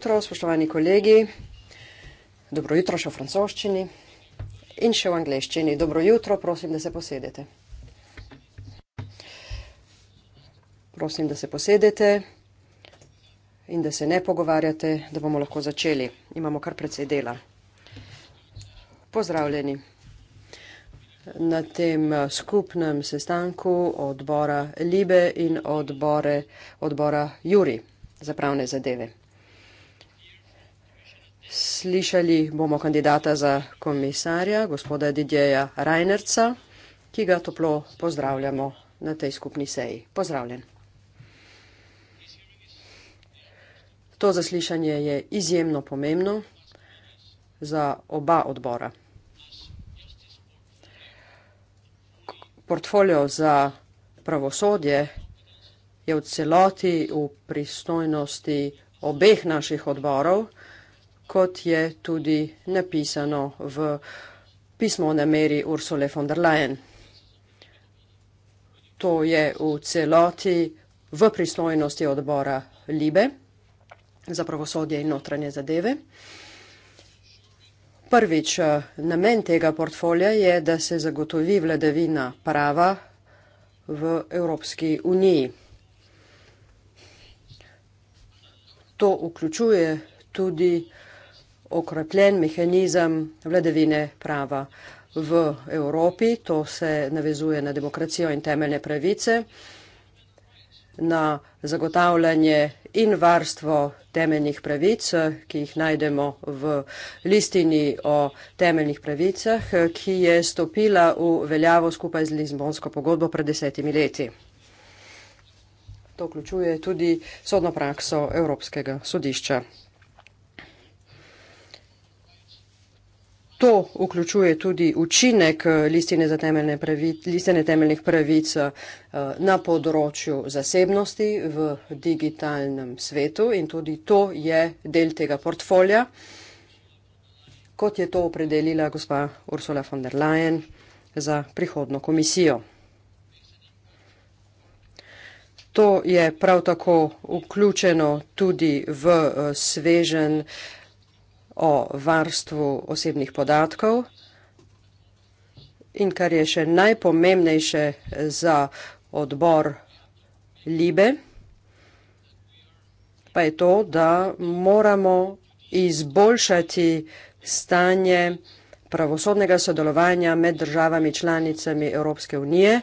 jutro, spoštovani kolegi, dobro jutro še v francoščini in še v angleščini. Dobro jutro, prosim, da se posedete. Prosim, da se posedete in da se ne pogovarjate, da bomo lahko začeli. Imamo kar precej dela. Pozdravljeni na tem eh, skupnem sestanku odbora Libe in odbore, odbora Juri za pravne zadeve. Slišali bomo kandidata za komisarja, gospoda Didjeja Reinerca, ki ga toplo pozdravljamo na tej skupni seji. Pozdravljen. To zaslišanje je izjemno pomembno za oba odbora. Portfolio za pravosodje je v celoti v pristojnosti obeh naših odborov kot je tudi napisano v pismo o nameri Ursule von der Leyen. To je v celoti v pristojnosti odbora Libe za pravosodje in notranje zadeve. Prvič, eh, namen tega portfolja je, da se zagotovi vladavina prava v Evropski uniji. To vključuje tudi okrepljen mehanizem vladavine prava v Evropi. To se navezuje na demokracijo in temeljne pravice, na zagotavljanje in varstvo temeljnih pravic, ki jih najdemo v listini o temeljnih pravicah, ki je stopila v veljavo skupaj z Lizbonsko pogodbo pred desetimi leti. To vključuje tudi sodno prakso Evropskega sodišča. to vključuje tudi učinek eh, listine, pravic, listine temeljnih pravic eh, na področju zasebnosti v digitalnem svetu in tudi to je del tega portfolja, kot je to opredelila gospa Ursula von der Leyen za prihodno komisijo. To je prav tako vključeno tudi v eh, svežen uh, o varstvu osebnih podatkov in kar je še najpomembnejše za odbor Libe, pa je to, da moramo izboljšati stanje pravosodnega sodelovanja med državami članicami Evropske unije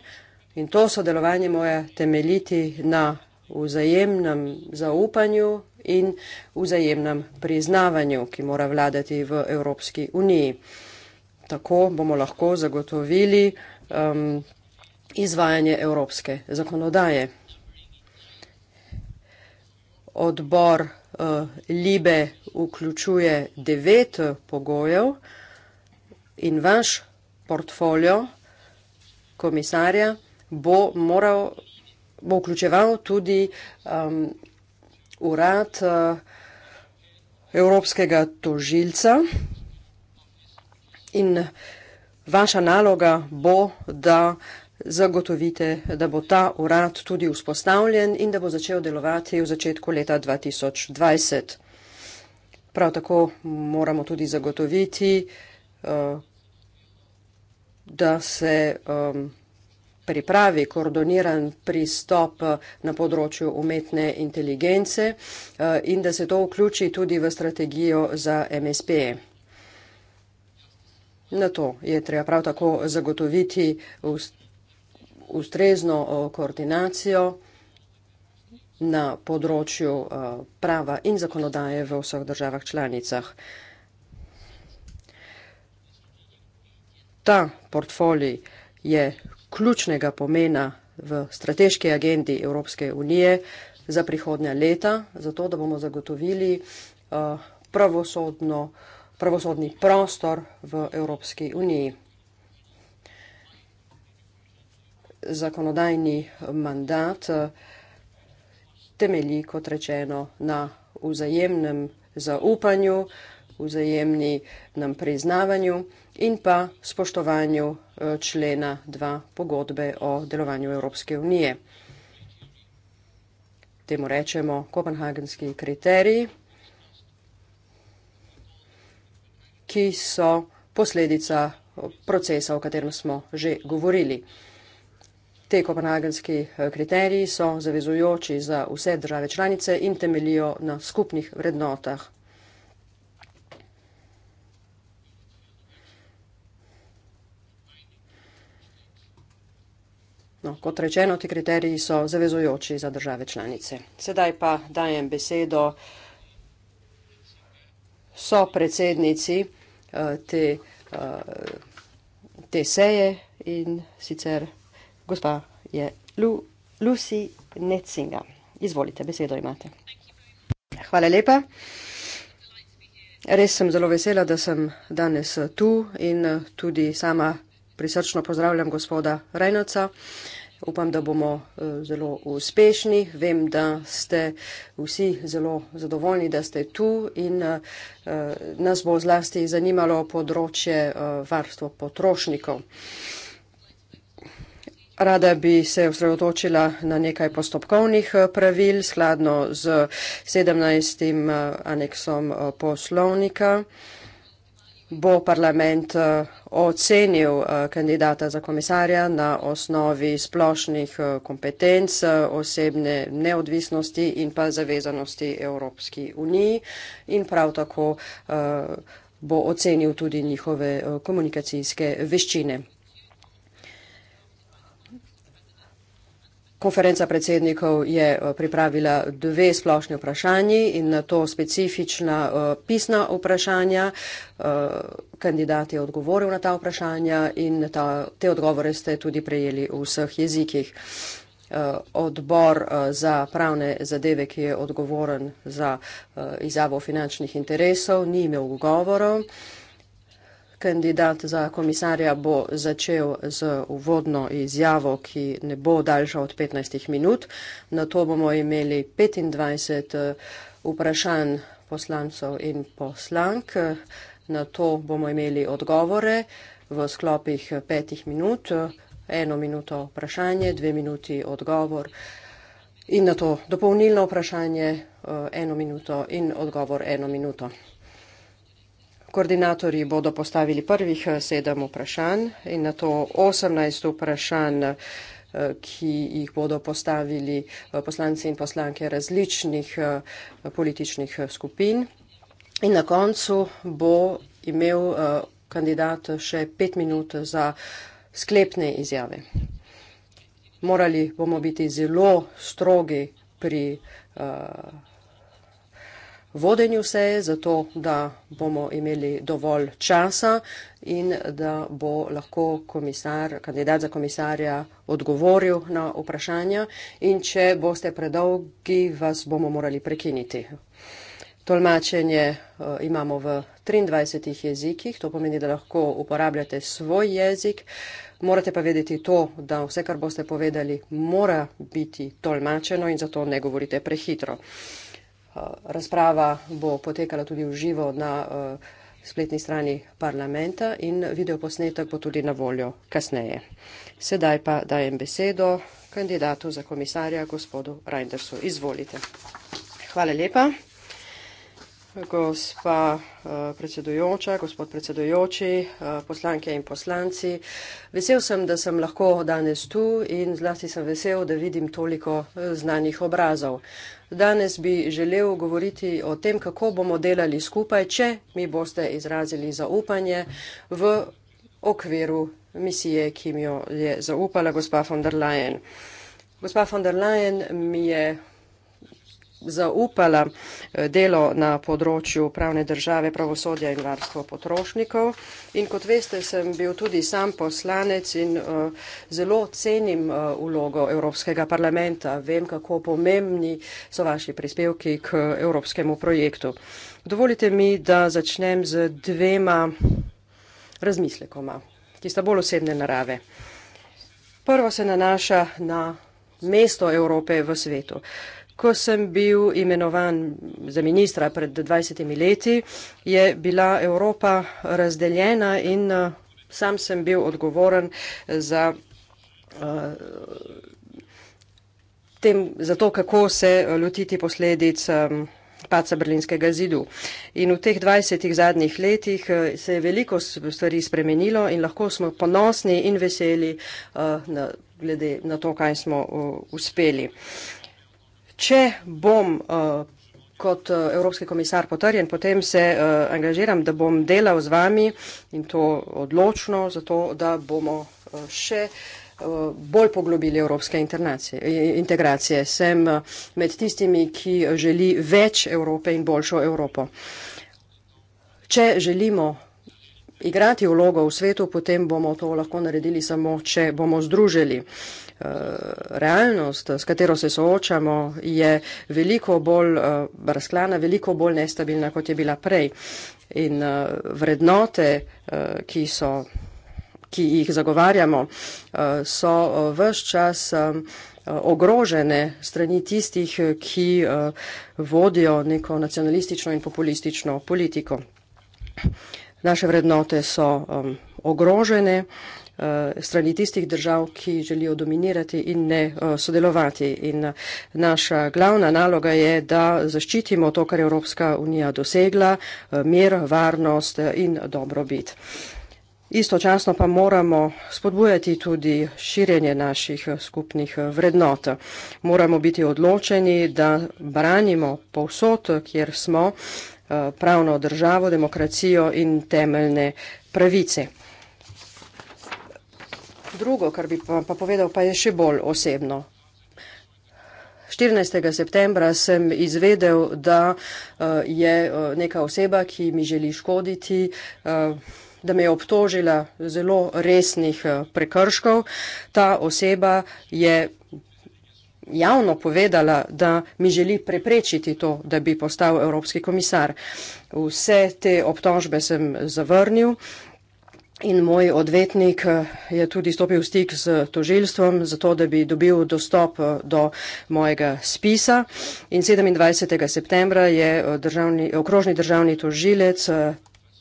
in to sodelovanje mora temeljiti na vzajemnem zaupanju in vzajemnem priznavanju, ki mora vladati v Evropski uniji. Tako bomo lahko zagotovili um, izvajanje evropske zakonodaje. Odbor uh, Libe vključuje devet pogojev in vaš portfolio komisarja bo moral, bo vključeval tudi um, urad eh, Evropskega tožilca in vaša naloga bo, da zagotovite, da bo ta urad tudi vzpostavljen in da bo začel delovati v začetku leta 2020. Prav tako moramo tudi zagotoviti, eh, da se ehm, pripravi koordiniran pristop eh, na področju umetne inteligence eh, in da se to vključi tudi v strategijo za MSP. Na to je treba prav tako zagotoviti ustrezno eh, koordinacijo na področju prava in zakonodaje v vseh državah članicah. Ta portfolij je ključnega pomena v strateški agendi Evropske unije za prihodnja leta, zato da bomo zagotovili eh, pravosodno, pravosodni prostor v Evropski uniji. Zakonodajni mandat eh, temelji, kot rečeno, na vzajemnem zaupanju vzajemni nam priznavanju in pa spoštovanju eh, člena 2 pogodbe o delovanju Evropske unije. Temu rečemo kopenhagenski kriteriji, ki so posledica eh, procesa, o katerem smo že govorili. Te kopenhagenski eh, kriteriji so zavezujoči za vse države članice in temelijo na skupnih vrednotah No, kot rečeno, ti kriteriji so zavezojoči za države članice. Sedaj pa dajem besedo so predsednici eh, te, eh, te seje in sicer gospa je Lu, Lucy Netzinga. Izvolite, besedo imate. Hvala lepa. Res sem zelo vesela, da sem danes tu in tudi sama prisrčno pozdravljam gospoda Rejnoca. Upam, da bomo eh, zelo uspešni. Vem, da ste vsi zelo zadovoljni, da ste tu in eh, eh, nas bo zlasti zanimalo področje varstva potrošnikov. Rada bi se osredotočila na nekaj postopkovnih pravil skladno z 17. aneksom poslovnika bo parlament eh, ocenil eh, kandidata za komisarja na osnovi splošnih eh, kompetenc, osebne neodvisnosti in pa zavezanosti Evropski uniji in prav tako bo ocenil tudi njihove komunikacijske veščine. Konferenca predsednikov je eh, pripravila dve splošne vprašanji in na to specifična uh, pisna vprašanja. Uh, kandidat je odgovoril na ta vprašanja in ta, te odgovore ste tudi prejeli v vseh jezikih. Uh, odbor uh, za pravne zadeve, ki je odgovoren za uh, izjavo finančnih interesov, ni imel govorov. Uh, Kandidat za komisarja bo začel z uvodno izjavo, ki ne bo daljša od 15 minut. Na to bomo imeli 25 eh, vprašanj poslancev in poslank. Na to bomo imeli odgovore v sklopih petih minut. Eno minuto vprašanje, dve minuti odgovor. In na to dopolnilno vprašanje eh, eno minuto in odgovor eno minuto. Koordinatorji bodo postavili prvih eh, sedem vprašanj in na to 18 vprašanj, eh, ki jih bodo postavili eh, poslanci in poslanke različnih političnih skupin. In na koncu bo imel kandidat še pet minut za sklepne izjave. Morali bomo biti zelo strogi pri uh, vodenju seje, zato da bomo imeli dovolj časa in da bo lahko komisar, kandidat za komisarja odgovoril na vprašanja in če boste predolgi, vas bomo morali prekiniti. Tolmačenje eh, imamo v 23 jezikih, to pomeni, da lahko uporabljate svoj jezik. Morate pa vedeti to, da vse, kar boste povedali, mora biti tolmačeno in zato ne govorite prehitro. Eh, razprava bo potekala tudi v živo na eh, spletni strani parlamenta in videoposnetek bo tudi na voljo kasneje. Sedaj pa dajem besedo kandidatu za komisarja, gospodu Reindersu. Izvolite. Hvala lepa. Gospa eh, predsedujoča, gospod predsedujoči, poslanke in poslanci. Vesel sem, da sem lahko danes tu in zlasti sem vesel, da vidim toliko znanih obrazov. Danes bi želel govoriti o tem, kako bomo delali skupaj, če mi boste izrazili zaupanje v okviru misije, ki mi jo je zaupala gospa von der Leyen. Gospa von der Leyen mi je zaupala eh, delo na področju pravne države, pravosodja in varstva potrošnikov. In kot veste, sem bil tudi sam poslanec in eh, zelo cenim eh, vlogo Evropskega parlamenta. Vem, kako pomembni so vaši prispevki k evropskemu projektu. Dovolite mi, da začnem z dvema razmislekoma, ki sta bolj osebne narave. Prvo se nanaša na mesto Evrope v svetu. Uh, Ko sem bil imenovan za ministra pred 20 leti, je bila Evropa razdeljena in eh, sam sem bil odgovoren za, eh, tem, za to, kako se eh, lotiti posledic paca Berlinskega zidu. In v teh 20 zadnjih letih se je veliko stvari spremenilo in lahko smo ponosni in veseli na, glede na to, kaj smo uspeli. Če bom uh, kot uh, evropski komisar potrjen, potem se uh, angažiram, da bom delal z vami in to odločno, zato da bomo uh, še bolj poglobili evropske integracije. Sem med tistimi, ki želi več Evrope in boljšo Evropo. Če želimo igrati vlogo v svetu, potem bomo to lahko naredili samo, če bomo združili uh, Eh, realnost, s katero se soočamo, je veliko bolj eh, razklana, veliko bolj nestabilna, kot je bila prej. In eh, vrednote, ki, so, ki jih zagovarjamo, so vse čas ogrožene strani tistih, ki vodijo neko nacionalistično in populistično politiko. Naše vrednote so um, ogrožene, uh, Eh, strani tistih držav, ki želijo dominirati in ne eh, sodelovati. In eh, naša glavna naloga je, da zaščitimo to, kar je Evropska unija dosegla, mir, varnost in dobrobit. Istočasno pa moramo spodbujati tudi širjenje naših skupnih vrednot. Moramo biti odločeni, da branimo povsod, kjer smo, pravno državo, demokracijo in temeljne pravice. Drugo, kar bi pa, pa povedal, pa je še bolj osebno. 14. septembra sem izvedel, da uh, je eh, neka oseba, ki mi želi škoditi, uh, da me je obtožila zelo resnih uh, prekrškov. Ta oseba je javno povedala, da mi želi preprečiti to, da bi postal evropski komisar. Vse te obtožbe sem zavrnil. Uh, In moj odvetnik eh, je tudi stopil v stik z tožilstvom, zato da bi dobil dostop eh, do mojega spisa. In 27. septembra je eh, državni, okrožni državni tožilec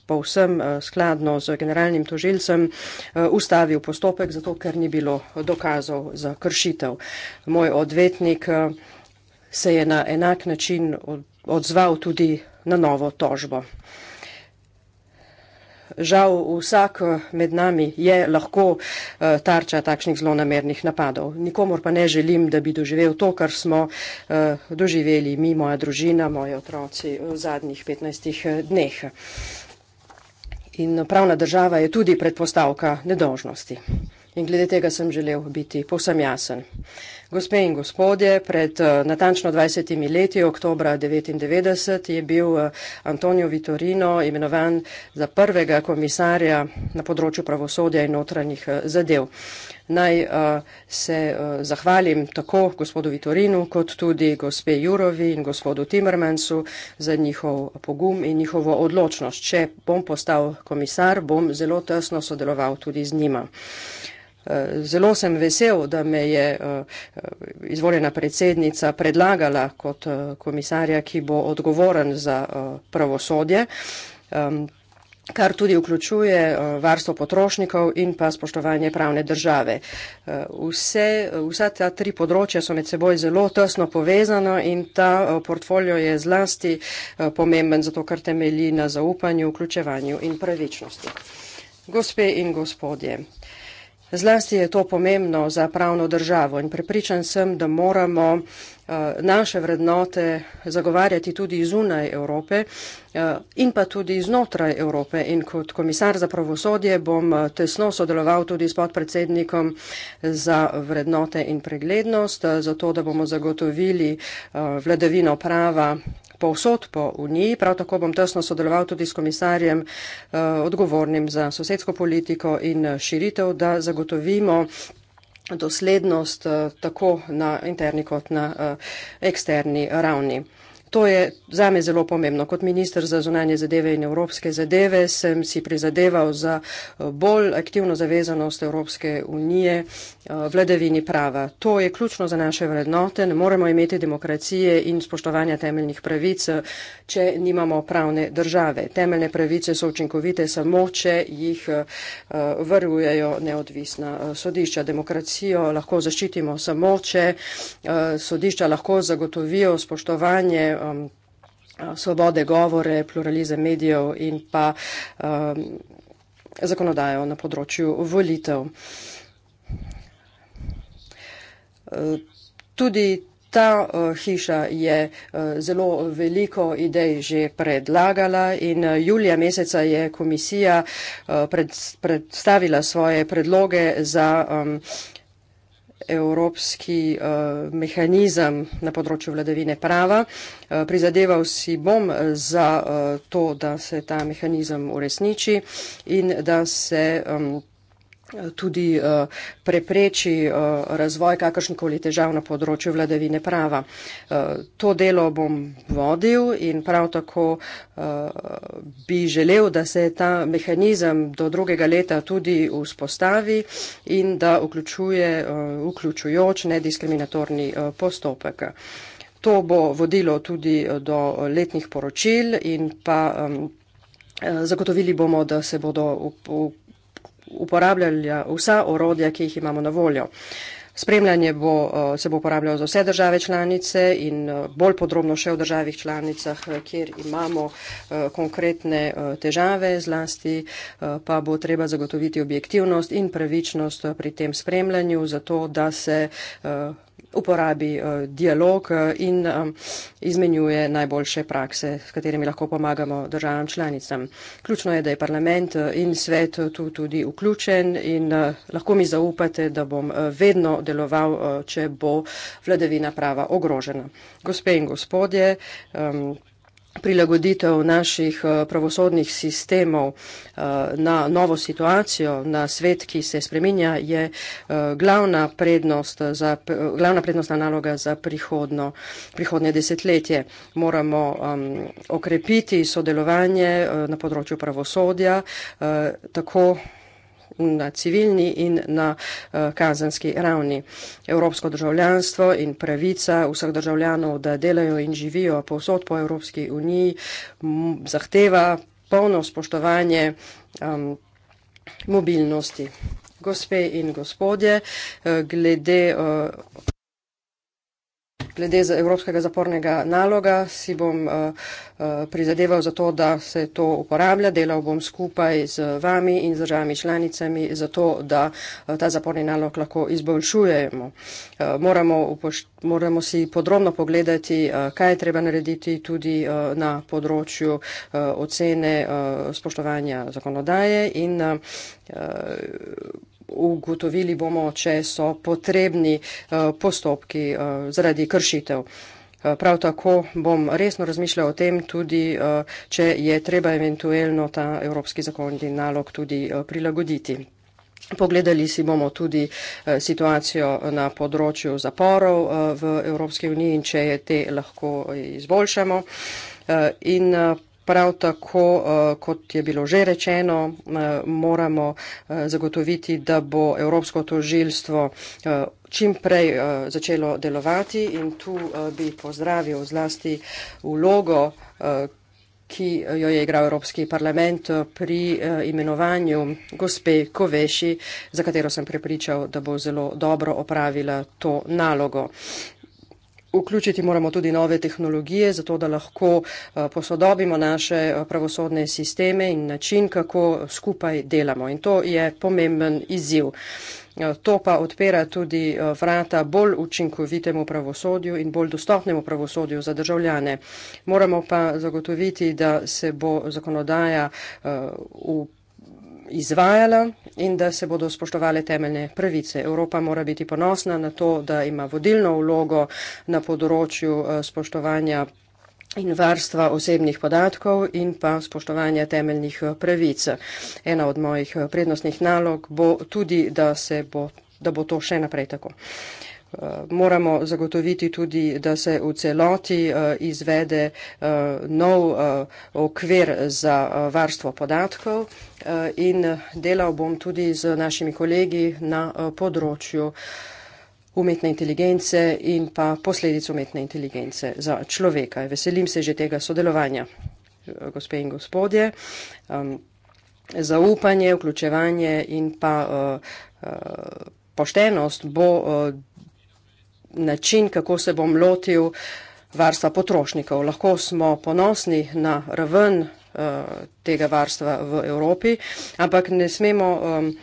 povsem skladno z generalnim tožilcem ustavil postopek, zato ker ni bilo dokazov za kršitev. Moj odvetnik se je na enak način odzval tudi na novo tožbo žal vsak med nami je lahko eh, tarča takšnih zlonamernih napadov. Nikomor pa ne želim, da bi doživel to, kar smo eh, doživeli mi, moja družina, moji otroci v zadnjih 15 eh, dneh. In pravna država je tudi predpostavka nedožnosti. In glede tega sem želel biti posem jasen. Gospe in gospodje, pred eh, natančno 20 leti, oktober 1999, je bil eh, Antonijo Vitorino imenovan za prvega komisarja na področju pravosodja in notranjih eh, zadev. Naj se zahvalim tako gospodu Vitorinu, kot tudi gospe Jurovi in gospodu Timmermansu za njihov pogum in njihovo odločnost. Če bom postal komisar, bom zelo tesno sodeloval tudi z njima. Zelo sem vesel, da me je eh, izvoljena predsednica predlagala kot eh, komisarja, ki bo odgovoren za eh, pravosodje kar tudi vključuje varstvo potrošnikov in pa spoštovanje pravne države. Vse, vsa ta tri področja so med seboj zelo tesno povezano in ta portfolio je zlasti pomemben, zato ker temelji na zaupanju, vključevanju in pravičnosti. Gospe in gospodje, Zlasti je to pomembno za pravno državo in prepričan sem, da moramo Eh, naše vrednote zagovarjati tudi zunaj Evrope eh, in pa tudi znotraj Evrope. In kot komisar za pravosodje bom eh, tesno sodeloval tudi s podpredsednikom za vrednote in preglednost, zato da bomo zagotovili vladavino prava povsod po Uniji. Prav tako bom tesno sodeloval tudi s komisarjem odgovornim za sosedsko politiko in širitev, da zagotovimo doslednost eh, tako na interni kot na eh, eksterni ravni to je za me zelo pomembno. Kot minister za zunanje zadeve in evropske zadeve sem si prizadeval za eh, bolj aktivno zavezanost Evropske unije eh, vladavini prava. To je ključno za naše vrednote. Ne moremo imeti demokracije in spoštovanja temeljnih pravic, eh, če nimamo pravne države. Temeljne pravice so učinkovite samo, če jih vrgujejo neodvisna sodišča. Demokracijo lahko zaščitimo samo, če sodišča lahko zagotovijo spoštovanje um, svobode govore, pluralizem medijev in pa um, zakonodajo na področju volitev. Uh, tudi ta uh, hiša je uh, zelo veliko idej že predlagala in julija meseca je komisija predstavila svoje predloge za um, evropski eh, mehanizem na področju vladavine prava. Eh, prizadeval si bom eh, za to, da se ta mehanizem uresniči in da se. Um, tudi uh, prepreči uh, razvoj kakršnikoli težav na področju vladavine prava. Uh, to delo bom vodil in prav tako uh, bi želel, da se ta mehanizem do drugega leta tudi vzpostavi in da vključuje uh, vključujoč nediskriminatorni uh, postopek. To bo vodilo tudi do letnih poročil in pa um, zagotovili bomo, da se bodo v. v uporabljali vsa orodja, ki jih imamo na voljo. Spremljanje bo, eh, se bo uporabljalo za vse države članice in eh, bolj podrobno še v državih članicah, eh, kjer imamo konkretne težave zlasti, pa bo treba zagotoviti objektivnost in pravičnost pri tem spremljanju, zato da se uporabi eh, dialog eh, in eh, izmenjuje najboljše prakse, s katerimi lahko pomagamo državam članicam. Ključno je, da je parlament in svet tu tudi vključen in lahko mi zaupate, da bom vedno deloval, če bo vladavina prava ogrožena. Gospe in gospodje, prilagoditev naših eh, pravosodnih sistemov eh, na novo situacijo, na svet, ki se spreminja, je eh, glavna prednost, za, glavna prednost naloga za prihodno, prihodnje desetletje. Moramo um, okrepiti sodelovanje na področju pravosodja, uh, tako na civilni in na eh, kazenski ravni. Evropsko državljanstvo in pravica vseh državljanov, da delajo in živijo povsod po Evropski uniji, zahteva polno spoštovanje um, mobilnosti. Gospe in gospodje, eh, glede. Uh, glede evropskega zapornega naloga si bom uh, uh, prizadeval za to, da se to uporablja. Delal bom skupaj z vami in z državami članicami za to, da uh, ta zaporni nalog lahko izboljšujemo. Uh, moramo, moramo si podrobno pogledati, uh, kaj je treba narediti tudi uh, na področju uh, ocene uh, spoštovanja zakonodaje in uh, ugotovili bomo, če so potrebni eh, postopki eh, zaradi kršitev. Eh, prav tako bom resno razmišljal o tem tudi, če je treba eventuelno ta evropski zakonodajni nalog tudi prilagoditi. Pogledali si bomo tudi situacijo na področju zaporov v Evropski uniji in če je te lahko izboljšamo. In Prav tako, eh, kot je bilo že rečeno, eh, moramo eh, zagotoviti, da bo Evropsko tožilstvo čim prej začelo delovati in tu bi pozdravil zlasti vlogo, ki jo je igral Evropski parlament pri imenovanju gospe Koveši, za katero sem prepričal, da bo zelo dobro opravila to nalogo vključiti moramo tudi nove tehnologije, zato da lahko eh, posodobimo naše eh, pravosodne sisteme in način, kako skupaj delamo. In to je pomemben izziv. Eh, to pa odpira tudi vrata bolj učinkovitemu pravosodju in bolj dostopnemu pravosodju za državljane. Moramo pa zagotoviti, da se bo zakonodaja v izvajala in da se bodo spoštovale temeljne pravice. Evropa mora biti ponosna na to, da ima vodilno vlogo na področju eh, spoštovanja in varstva osebnih podatkov in pa spoštovanja temeljnih eh, pravic. Ena od mojih eh, prednostnih nalog bo tudi, da, bo, da bo to še naprej tako. Uh, moramo zagotoviti tudi, da se v celoti eh, izvede eh, nov eh, okvir za varstvo podatkov in delal bom tudi z našimi kolegi na področju umetne inteligence in pa posledic umetne inteligence za človeka. Veselim se že tega sodelovanja, gospe in gospodje. Zaupanje, vključevanje in pa poštenost bo način, kako se bom lotil varstva potrošnikov. Lahko smo ponosni na raven uh, tega varstva v Evropi, ampak ne smemo um,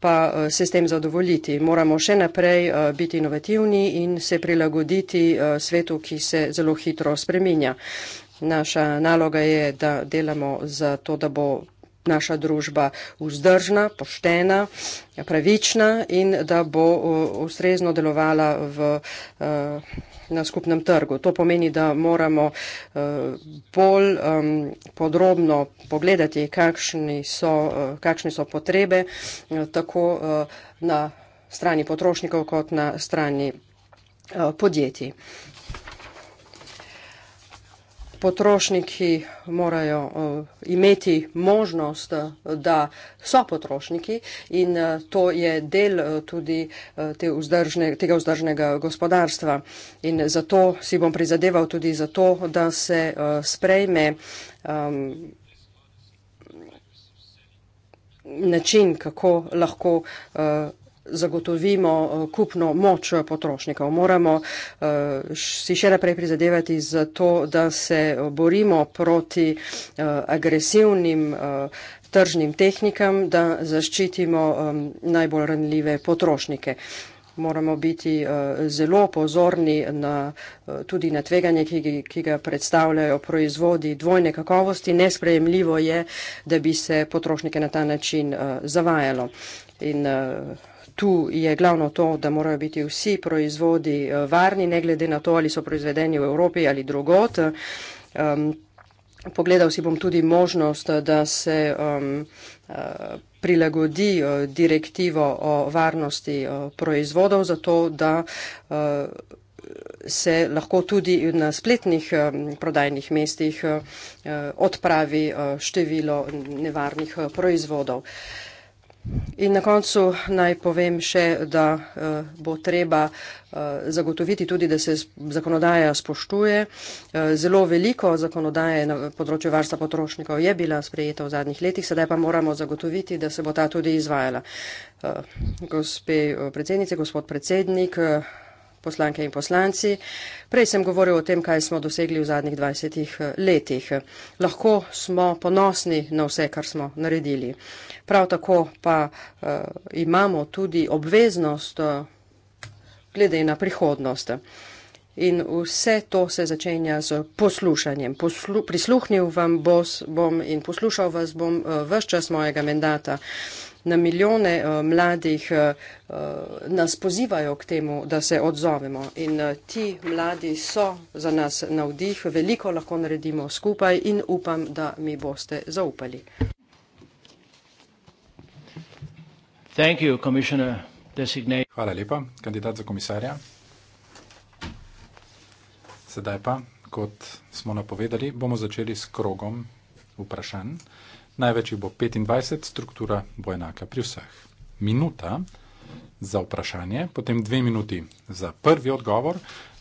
pa eh, se s tem zadovoljiti. Moramo še naprej uh, biti inovativni in se prilagoditi uh, svetu, ki se zelo hitro spreminja. Naša naloga je, da delamo za to, da bo naša družba vzdržna, poštena, pravična in da bo ustrezno delovala v, e, na skupnem trgu. To pomeni, da moramo e, bolj podrobno pogledati, kakšni so, e, kakšne so potrebe tako na strani potrošnikov kot na strani podjetij potrošniki morajo eh, imeti možnost, eh, da so potrošniki in eh, to je del tudi te vzdržne, tega vzdržnega gospodarstva. In zato si bom prizadeval tudi za to, da se sprejme ehm, način, kako lahko zagotovimo eh, kupno moč potrošnikov. Moramo eh, si še naprej prizadevati za to, da se eh, borimo proti agresivnim tržnim tehnikam, da zaščitimo najbolj ranljive potrošnike. Moramo biti zelo pozorni na, tudi na tveganje, ki, ki ga predstavljajo proizvodi dvojne kakovosti. Nesprejemljivo je, da bi se potrošnike na ta način zavajalo. In uh, tu je glavno to, da morajo biti vsi proizvodi eh, varni, ne glede na to, ali so proizvedeni v Evropi ali drugot. Um, pogledal si bom tudi možnost, da se um, prilagodi eh, direktivo o varnosti proizvodov, zato da. Uh, se lahko tudi na spletnih ehm, prodajnih mestih odpravi število nevarnih proizvodov. In na koncu naj povem še, da eh, bo treba eh, zagotoviti tudi, da se zakonodaja spoštuje. Eh, zelo veliko zakonodaje na področju varstva potrošnikov je bila sprejeta v zadnjih letih, sedaj pa moramo zagotoviti, da se bo ta tudi izvajala. Gospe predsednice, gospod predsednik, poslanke in poslanci. Prej sem govoril o tem, kaj smo dosegli v zadnjih 20 eh, letih. Lahko smo ponosni na vse, kar smo naredili. Prav tako pa uh, imamo tudi obveznost uh, glede na prihodnost. In vse to se začenja z poslušanjem. Poslu, prisluhnil vam bom in poslušal vas bom uh, vse čas mojega mandata. Uh, na milijone eh, mladih eh, eh, nas pozivajo k temu, da se odzovemo. In ti mladi so za nas na vdih, veliko lahko naredimo skupaj in upam, da mi boste zaupali. Hvala lepa, kandidat za komisarja. Sedaj pa, kot smo napovedali, bomo začeli s krogom vprašanj največ jih bo 25, struktura bo enaka pri vseh. Minuta za vprašanje, potem dve minuti za prvi odgovor,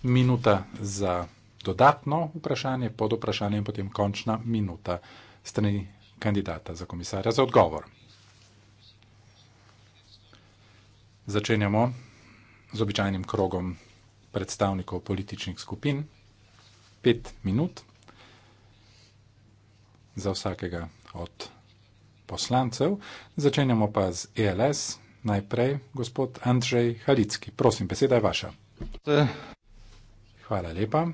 minuta za dodatno vprašanje, pod vprašanje in potem končna minuta strani kandidata za komisarja za odgovor. Začenjamo z običajnim krogom predstavnikov političnih skupin. Pet minut za vsakega od poslancev. Začenjamo pa z ELS. Najprej gospod Andrzej Halicki. Prosim, beseda je vaša. Hvala lepa.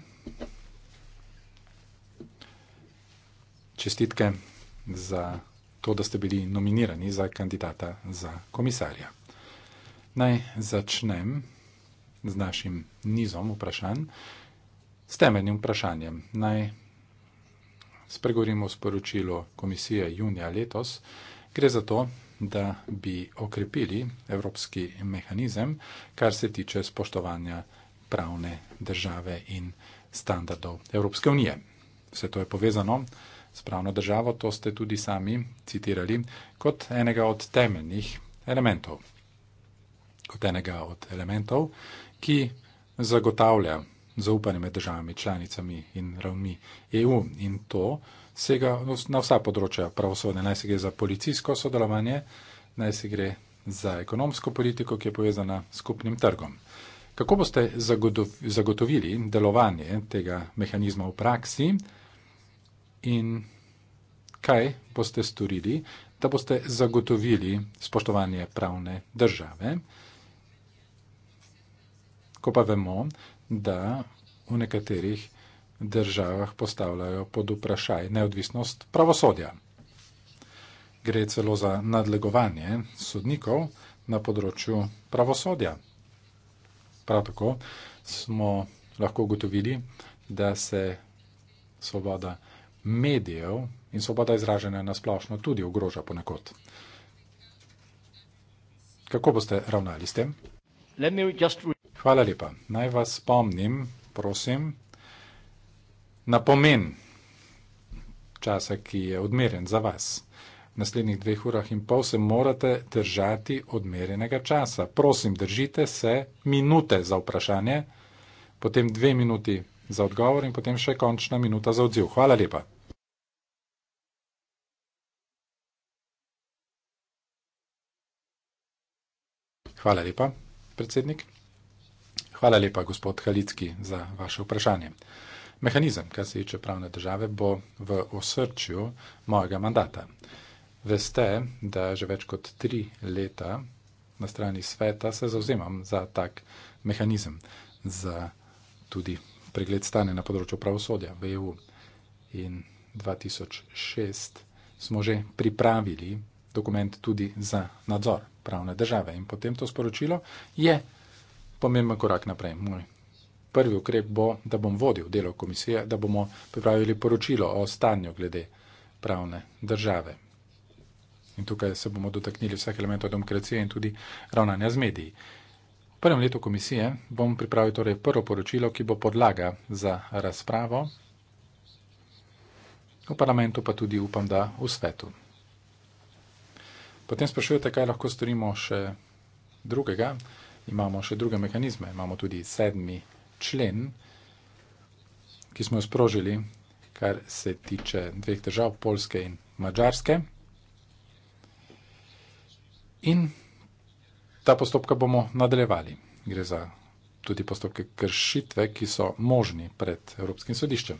Čestitke za to, da ste bili nominirani za kandidata za komisarja. Naj začnem z našim nizom vprašanj, s temeljnim vprašanjem. Naj spregovorimo sporočilo komisije junija letos, gre za to, da bi okrepili evropski mehanizem, kar se tiče spoštovanja pravne države in standardov Evropske unije. Vse to je povezano s pravno državo, to ste tudi sami citirali, kot enega od temeljnih elementov. Kot enega od elementov, ki zagotavlja zaupanje med državami, članicami in ravni EU. In to sega na vsa področja pravosodne. Naj se gre za policijsko sodelovanje, naj se gre za ekonomsko politiko, ki je povezana s skupnim trgom. Kako boste zagotovili delovanje tega mehanizma v praksi in kaj boste storili, da boste zagotovili spoštovanje pravne države? Ko pa vemo, da v nekaterih državah postavljajo pod vprašaj neodvisnost pravosodja. Gre celo za nadlegovanje sodnikov na področju pravosodja. Prav tako smo lahko ugotovili, da se svoboda medijev in svoboda izražanja nasplošno tudi ogroža ponekod. Kako boste ravnali s tem? Hvala lepa. Naj vas spomnim, prosim, na pomen časa, ki je odmerjen za vas. V naslednjih dveh urah in pol se morate držati odmerjenega časa. Prosim, držite se minute za vprašanje, potem dve minuti za odgovor in potem še končna minuta za odziv. Hvala lepa. Hvala lepa, predsednik. Hvala lepa, gospod Halicki, za vaše vprašanje. Mehanizem, kar se tiče pravne države, bo v osrčju mojega mandata. Veste, da že več kot tri leta na strani sveta se zauzemam za tak mehanizem, za tudi pregled stane na področju pravosodja v EU. In 2006 smo že pripravili dokument tudi za nadzor pravne države in potem to sporočilo je pomemben korak naprej. Moj. Prvi ukrep bo, da bom vodil delo komisije, da bomo pripravili poročilo o stanju glede pravne države. In tukaj se bomo dotaknili vseh elementov demokracije in tudi ravnanja z mediji. V prvem letu komisije bom pripravil torej prvo poročilo, ki bo podlaga za razpravo v parlamentu, pa tudi upam, da v svetu. Potem sprašujete, kaj lahko storimo še drugega imamo še druge mehanizme. Imamo tudi sedmi člen, ki smo jo sprožili, kar se tiče dveh držav, Polske in Mačarske. In ta postopka bomo nadaljevali. Gre za tudi postopke kršitve, ki so možni pred Evropskim sodiščem.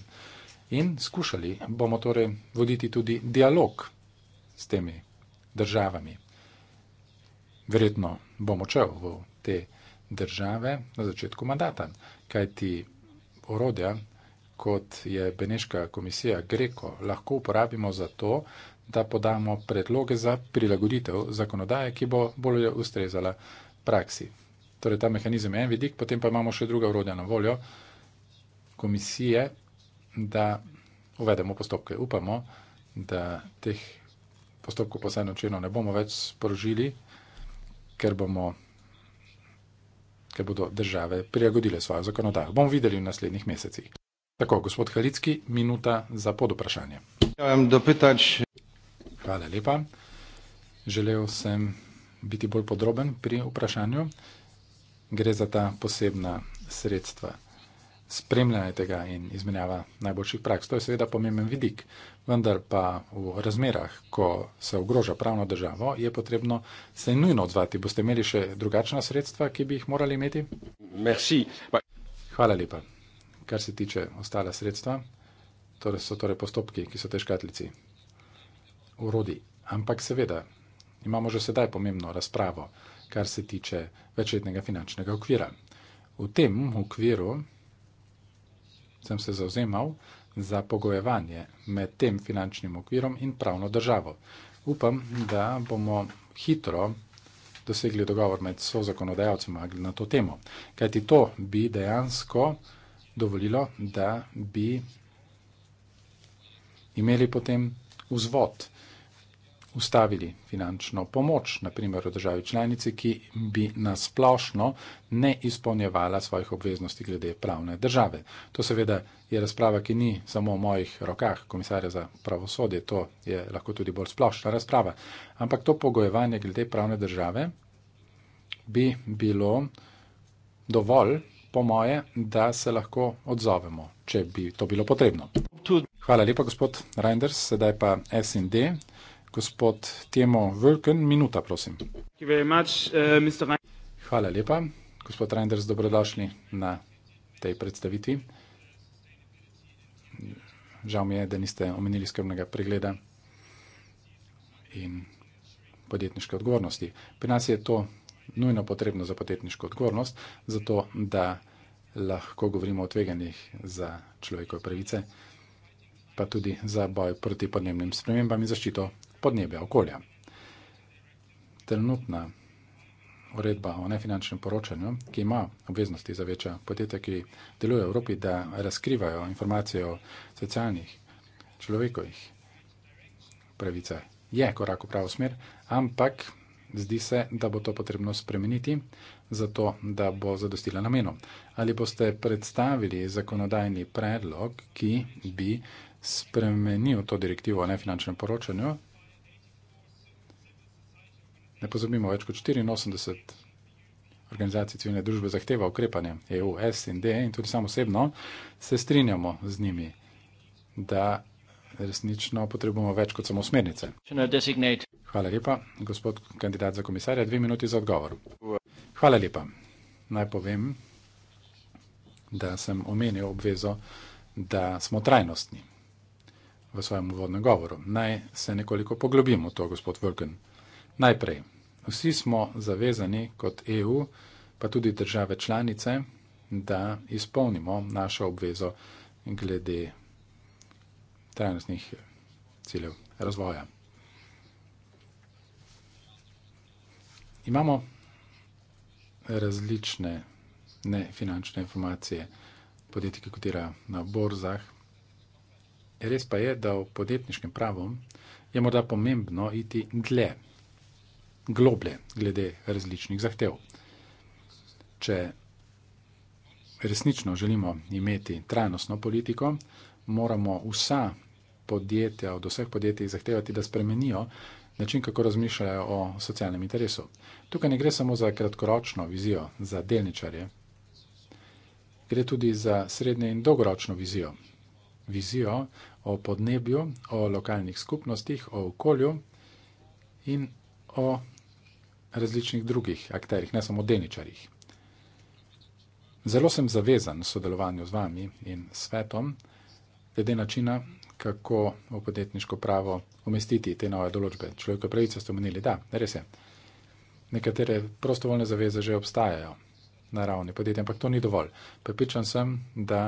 In skušali bomo torej voditi tudi dialog s temi državami. Verjetno bom očel v te države na začetku mandata. Kaj ti orodja, kot je Beneška komisija Greko, lahko uporabimo za to, da podamo predloge za prilagoditev zakonodaje, ki bo bolje ustrezala praksi. Torej, ta mehanizem je en vidik, potem pa imamo še druga urodja na voljo komisije, da uvedemo postopke. Upamo, da teh postopkov posebno čeno ne bomo več sporožili, ker bomo ker bodo države prilagodile svojo zakonodajo. Bomo videli v naslednjih mesecih. Tako, gospod Halicki, minuta za pod vprašanje. Hvala lepa. Želel sem biti bolj podroben pri vprašanju. Gre za ta posebna sredstva spremljanje tega in izmenjava najboljših praks. To je seveda pomemben vidik, vendar pa v razmerah, ko se ogroža pravno državo, je potrebno se nujno odzvati. Boste imeli še drugačna sredstva, ki bi jih morali imeti? Hvala lepa. Kar se tiče ostala sredstva, torej so torej postopki, ki so težkatlici, urodi. Ampak seveda imamo že sedaj pomembno razpravo, kar se tiče večletnega finančnega okvira. V tem okviru sem se zauzemal za pogojevanje med tem finančnim okvirom in pravno državo. Upam, da bomo hitro dosegli dogovor med so zakonodajalcema na to temo. Kajti to bi dejansko dovolilo, da bi imeli potem vzvod ustavili finančno pomoč, naprimer v državi članici, ki bi nasplošno ne izpolnjevala svojih obveznosti glede pravne države. To seveda je razprava, ki ni samo v mojih rokah, komisarja za pravosodje, to je lahko tudi bolj splošna razprava. Ampak to pogojevanje glede pravne države bi bilo dovolj, po moje, da se lahko odzovemo, če bi to bilo potrebno. Hvala lepa, gospod Reinders, sedaj pa SND. Gospod Temo Vlken, minuta, prosim. Uh, Hvala lepa. Gospod Reinders, dobrodošli na tej predstavitvi. Žal mi je, da niste omenili skrbnega pregleda in podjetniške odgovornosti. Pri nas je to nujno potrebno za podjetniško odgovornost, zato da lahko govorimo o tveganjih za človekove pravice, pa tudi za boj proti podnebnim spremembam in zaščito podnebja, okolja. Trenutna uredba o nefinančnem poročanju, ki ima obveznosti za večja podjetja, ki delujejo v Evropi, da razkrivajo informacije o socialnih, človekovih pravicah, je korak v pravo smer, ampak zdi se, da bo to potrebno spremeniti, zato da bo zadostila namenu. Ali boste predstavili zakonodajni predlog, ki bi spremenil to direktivo o nefinančnem poročanju Ne pozabimo, več kot 84 organizacij civilne družbe zahteva ukrepanje EU, S in D in tudi samo osebno se strinjamo z njimi, da resnično potrebujemo več kot samo smernice. Hvala lepa, gospod kandidat za komisarja, dve minuti za odgovor. Hvala lepa. Naj povem, da sem omenil obvezo, da smo trajnostni v svojem uvodnem govoru. Naj se nekoliko poglobimo to, gospod Vrken. Najprej. Vsi smo zavezani kot EU, pa tudi države članice, da izpolnimo našo obvezo glede trajnostnih ciljev razvoja. Imamo različne nefinančne informacije podjetij, ki kotirajo na borzah. Res pa je, da v podjetniškem pravu je morda pomembno iti dlje globlje glede različnih zahtev. Če resnično želimo imeti trajnostno politiko, moramo vsa podjetja, od vseh podjetij zahtevati, da spremenijo način, kako razmišljajo o socialnem interesu. Tukaj ne gre samo za kratkoročno vizijo za delničarje, gre tudi za srednje in dolgoročno vizijo. Vizijo o podnebju, o lokalnih skupnostih, o okolju in o različnih drugih akterjih, ne samo deničarjih. Zelo sem zavezan sodelovanju z vami in svetom, glede načina, kako v podjetniško pravo umestiti te nove določbe. Človeka pravice ste omenili, da, res je. Nekatere prostovoljne zaveze že obstajajo na ravni podjetja, ampak to ni dovolj. Pripričan sem, da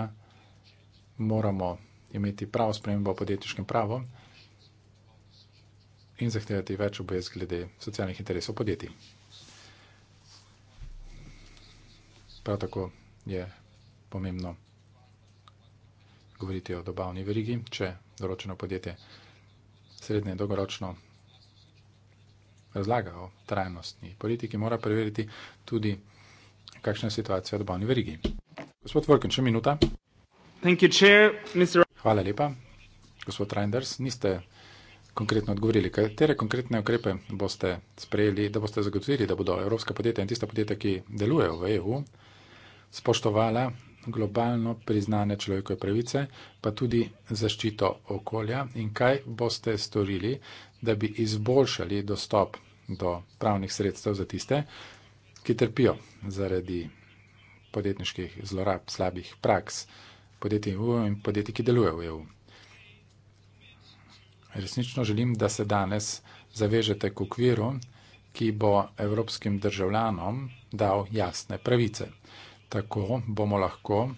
moramo imeti pravo spremembo v podjetniškem pravu in zahtevati več obvez glede socialnih interesov podjetij. Prav tako je pomembno govoriti o dobavni verigi, če določeno podjetje srednje dolgoročno razlaga o trajnostni politiki, mora preveriti tudi, kakšna je situacija v dobavni verigi. Gospod Vorken, še minuta. Thank you, chair, Mr. Hvala lepa. Gospod Reinders, niste konkretno odgovorili, katere konkretne ukrepe boste sprejeli, da boste zagotovili, da bodo evropska podjetja in tista podjetja, ki delujejo v EU, spoštovala globalno priznane človekove pravice, pa tudi zaščito okolja in kaj boste storili, da bi izboljšali dostop do pravnih sredstev za tiste, ki trpijo zaradi podjetniških zlorab, slabih praks podjetij v e EU in podjetij, ki delujejo v EU resnično želim, da se danes zavežete k okviru, ki bo evropskim državljanom dal jasne pravice. Tako bomo lahko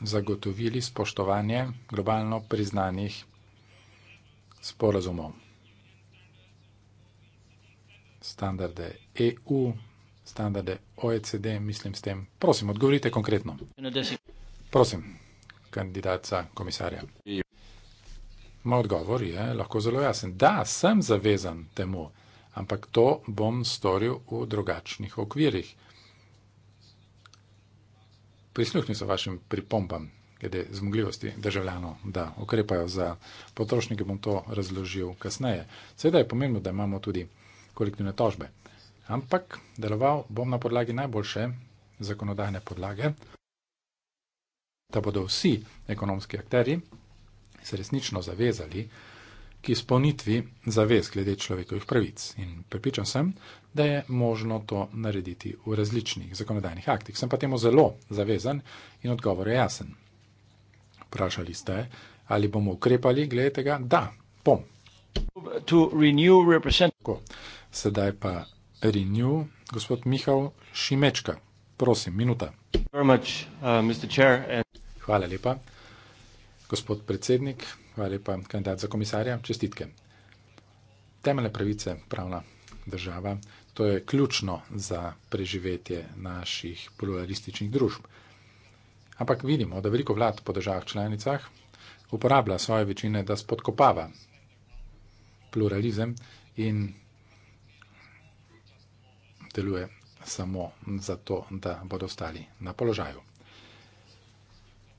zagotovili spoštovanje globalno priznanih sporazumov. Standarde EU, standarde OECD, mislim s tem. Prosim, odgovorite konkretno. Prosim, kandidatca komisarja. Moj odgovor je lahko zelo jasen. Da, sem zavezan temu, ampak to bom storil v drugačnih okvirih. Prisluhnil sem vašim pripombam glede zmogljivosti državljanov, da ukrepajo za potrošnike, bom to razložil kasneje. Seveda je pomembno, da imamo tudi kolektivne tožbe, ampak deloval bom na podlagi najboljše zakonodajne podlage, da bodo vsi ekonomski akteri se resnično zavezali k izpolnitvi zavez glede človekovih pravic. In pripričan sem, da je možno to narediti v različnih zakonodajnih aktih. Sem pa temu zelo zavezan in odgovor je jasen. Vprašali ste, ali bomo ukrepali glede tega? Da, bom. Sedaj pa Renew, gospod Mihal Šimečka. Prosim, minuta. Uh, Hvala lepa. Gospod predsednik, hvala lepa kandidat za komisarja, čestitke. Temele pravice, pravna država, to je ključno za preživetje naših pluralističnih družb. Ampak vidimo, da veliko vlad po državah članicah uporablja svoje večine, da spodkopava pluralizem in deluje samo zato, da bodo ostali na položaju.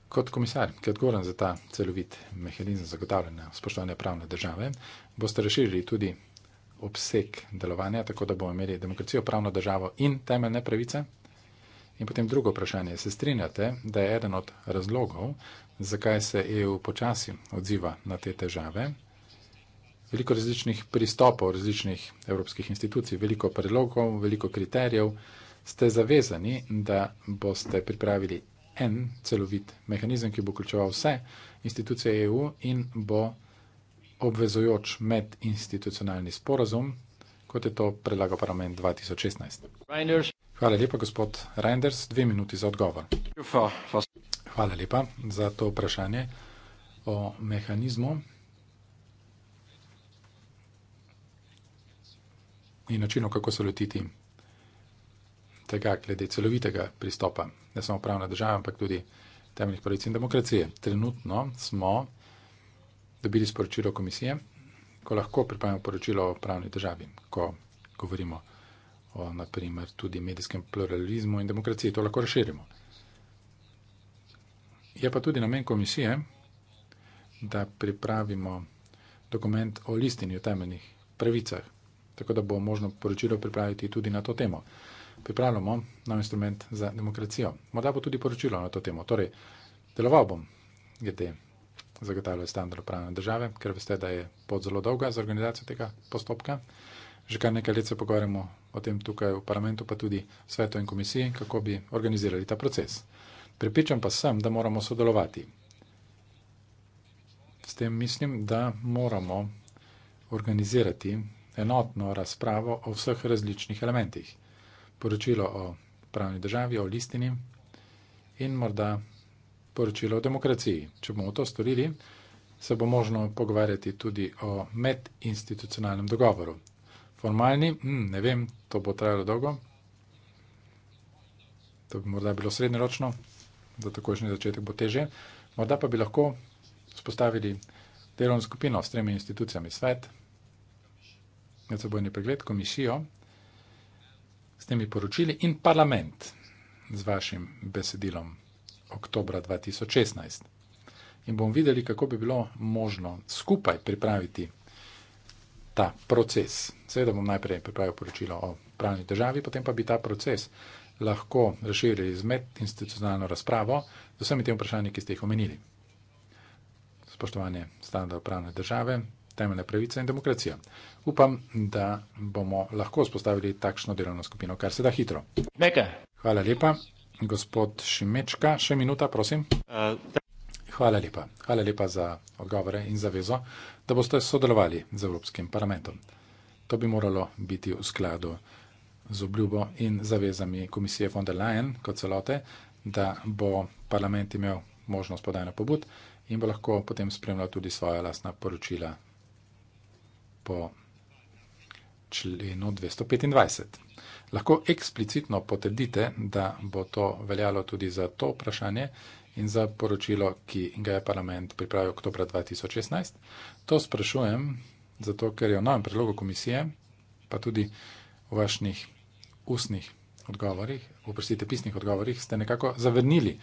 Kot komisar, ki je odgovoren za ta celovit mehanizem zagotavljanja spoštovanja pravne države, boste razširili tudi obseg delovanja, tako da bomo imeli demokracijo, pravno državo in temeljne pravice? In potem drugo vprašanje. Se strinjate, da je eden od razlogov, zakaj se EU počasi odziva na te težave, veliko različnih pristopov različnih evropskih institucij, veliko predlogov, veliko kriterijev, ste zavezani, da boste pripravili en celovit mehanizem, ki bo vključeval vse institucije EU in bo obvezojoč medinstitucionalni sporazum, kot je to predlagal parlament 2016. Hvala lepa, gospod Reinders. Dve minuti za odgovor. Hvala lepa za to vprašanje o mehanizmu in načinu, kako se lotiti tega glede celovitega pristopa, ne samo pravna država, ampak tudi temeljnih pravic in demokracije. Trenutno smo dobili sporočilo komisije, ko lahko pripravimo poročilo o pravni državi, ko govorimo o naprimer tudi medijskem pluralizmu in demokraciji, to lahko razširimo. Je pa tudi namen komisije, da pripravimo dokument o listini o temeljnih pravicah, tako da bo možno poročilo pripraviti tudi na to temo pripravljamo nov instrument za demokracijo. Morda bo tudi poročilo na to temo. Torej, deloval bom, glede zagotavljanja standardov pravne države, ker veste, da je pot zelo dolga za organizacijo tega postopka. Že kar nekaj let se pogovarjamo o tem tukaj v parlamentu, pa tudi svetu in komisiji, kako bi organizirali ta proces. Pripričam pa sem, da moramo sodelovati. S tem mislim, da moramo organizirati enotno razpravo o vseh različnih elementih poročilo o pravni državi, o listini in morda poročilo o demokraciji. Če bomo to storili, se bo možno pogovarjati tudi o medinstitucionalnem dogovoru. Formalni, hm, ne vem, to bo trajalo dolgo. To bi morda bilo srednjeročno, za takošnji začetek bo teže. Morda pa bi lahko spostavili delovno skupino s tremi institucijami svet, medsebojni pregled, komisijo, s temi poročili in parlament z vašim besedilom oktober 2016. In bomo videli, kako bi bilo možno skupaj pripraviti ta proces. Seveda bom najprej pripravil poročilo o pravni državi, potem pa bi ta proces lahko razširili z medinstitucionalno razpravo z vsemi temi vprašanji, ki ste jih omenili. Spoštovanje standardov pravne države, temeljne pravice in demokracija. Upam, da bomo lahko spostavili takšno delovno skupino, kar se da hitro. Meka. Hvala lepa. Gospod Šimečka, še minuta, prosim. Hvala lepa. Hvala lepa za odgovore in zavezo, da boste sodelovali z Evropskim parlamentom. To bi moralo biti v skladu z obljubo in zavezami komisije von der Leyen kot celote, da bo parlament imel možnost podajanja pobud in bo lahko potem spremljal tudi svoja lasna poročila po členu 225. Lahko eksplicitno potrdite, da bo to veljalo tudi za to vprašanje in za poročilo, ki ga je parlament pripravil oktober 2016. To sprašujem, zato ker je v novem predlogu komisije, pa tudi v vašnih ustnih odgovorih, vprostite pisnih odgovorih, ste nekako zavrnili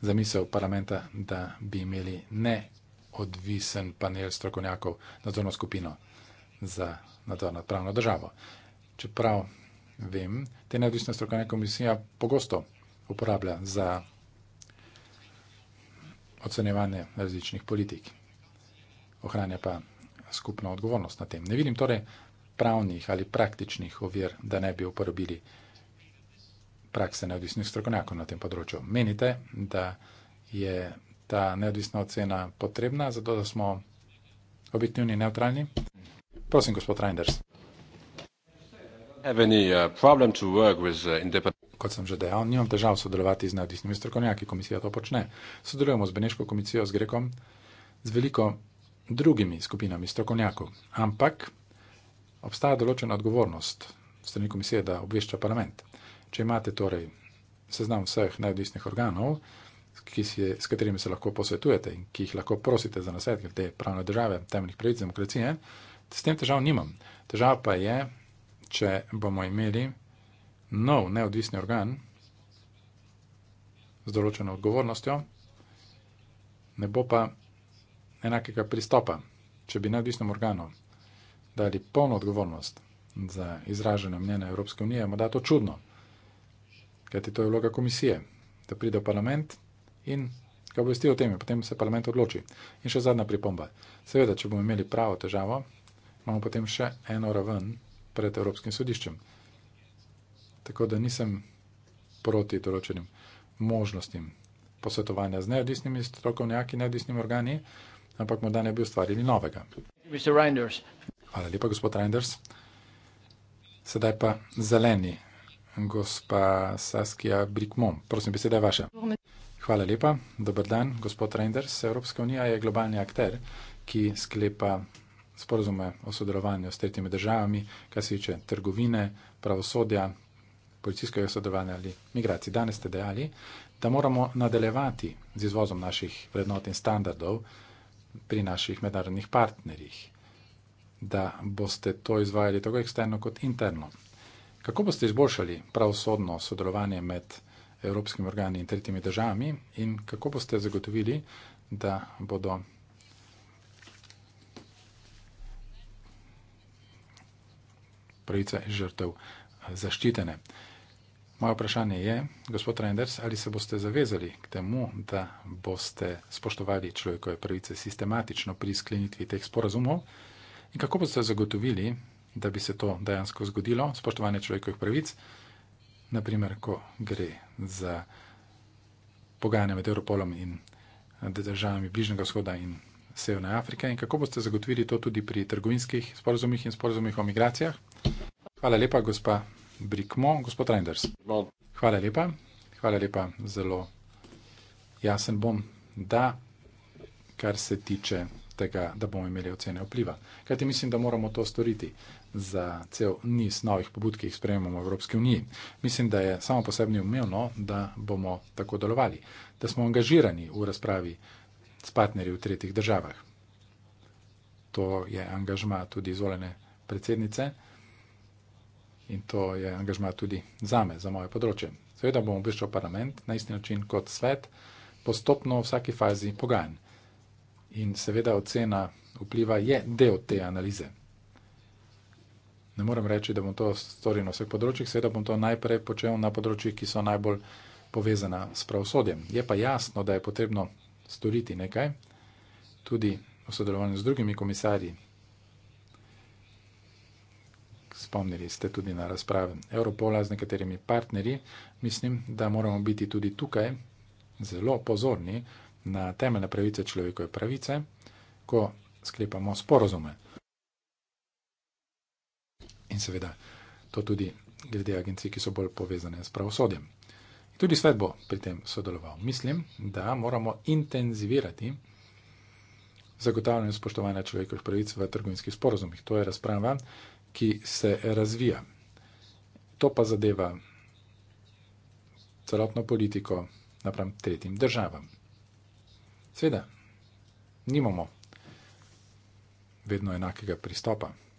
zamisel parlamenta, da bi imeli neodvisen panel strokovnjakov nadzorno skupino za nadzor nad pravno državo. Čeprav vem, te neodvisne strokovne komisije pogosto uporablja za ocenjevanje različnih politik, ohranja pa skupno odgovornost na tem. Ne vidim torej pravnih ali praktičnih ovir, da ne bi uporabili prakse neodvisnih strokovnjakov na tem področju. Menite, da je ta neodvisna ocena potrebna, zato da smo objektivni in neutralni? Mm. Prosim, gospod Reinders. Uh, uh, Kot sem že dejal, nimam težav sodelovati z neodvisnimi strokovnjaki, komisija to počne. Sodelujemo z Beneško komisijo, z Grekom, z veliko drugimi skupinami strokovnjakov. Ampak obstaja določena odgovornost strani komisije, da obvešča parlament. Če imate torej seznam vseh neodvisnih organov, se, s katerimi se lahko posvetujete in ki jih lahko prosite za nasvet glede pravne države, temeljnih pravic demokracije, S tem težav nimam. Težava pa je, če bomo imeli nov neodvisni organ z določeno odgovornostjo, ne bo pa enakega pristopa. Če bi neodvisnem organu dali polno odgovornost za izražene mnenje Evropske unije, mu da to čudno, kajti to je vloga komisije, da pride v parlament in ga obvesti o tem, potem se parlament odloči. In še zadnja pripomba. Seveda, če bomo imeli pravo težavo, imamo potem še eno raven pred Evropskim sodiščem. Tako da nisem proti določenim možnostim posvetovanja z neodvisnimi strokovnjaki, neodvisnimi organi, ampak morda ne bi ustvarili novega. Hvala lepa, gospod Reinders. Sedaj pa zeleni, gospa Saskia Brikmon. Prosim, beseda je vaša. Hvala lepa, dober dan, gospod Reinders. Evropska unija je globalni akter, ki sklepa sporozume o sodelovanju s tretjimi državami, kar se tiče trgovine, pravosodja, policijskega sodelovanja ali migracij. Danes ste dejali, da moramo nadaljevati z izvozom naših vrednot in standardov pri naših mednarodnih partnerjih, da boste to izvajali tako eksterno kot interno. Kako boste izboljšali pravosodno sodelovanje med evropskimi organi in tretjimi državami in kako boste zagotovili, da bodo pravice žrtev eh, zaščitene. Moje vprašanje je, gospod Reinders, ali se boste zavezali k temu, da boste spoštovali človekove pravice sistematično pri sklenitvi teh sporazumov in kako boste zagotovili, da bi se to dejansko zgodilo, spoštovanje človekovih pravic, naprimer, ko gre za pogajanje med Europolom in eh, državami Bližnjega vzhoda in Severne Afrike in kako boste zagotovili to tudi pri trgovinskih sporazumih in sporazumih o migracijah. Hvala lepa, gospa Brikmo, gospod Reinders. Hvala lepa, hvala lepa, zelo jasen bom, da kar se tiče tega, da bomo imeli ocene vpliva. Kajti mislim, da moramo to storiti za cel niz novih pobud, ki jih sprejemamo v Evropski uniji. Mislim, da je samo posebno umevno, da bomo tako delovali, da smo angažirani v razpravi s partnerji v tretjih državah. To je angažma tudi izvoljene predsednice in to je angažma tudi za me, za moje področje. Seveda bom obiščal parlament na isti način kot svet, postopno v vsaki fazi pogajanj. In seveda ocena vpliva je del te analize. Ne morem reči, da bom to storil na vseh področjih, seveda bom to najprej počel na področjih, ki so najbolj povezana s pravosodjem. Je pa jasno, da je potrebno storiti nekaj, tudi v sodelovanju z drugimi komisarji spomnili ste tudi na razprave Europola z nekaterimi partnerji, mislim, da moramo biti tudi tukaj zelo pozorni na temeljne pravice človekove pravice, ko sklepamo sporozume. In seveda to tudi glede agencij, ki so bolj povezane s pravosodjem. Tudi svet bo pri tem sodeloval. Mislim, da moramo intenzivirati zagotavljanje spoštovanja človekovih pravic v trgovinskih sporozumih. To je razprava, ki se razvija. To pa zadeva celotno politiko napram tretjim državam. Sveda, nimamo vedno enakega pristopa.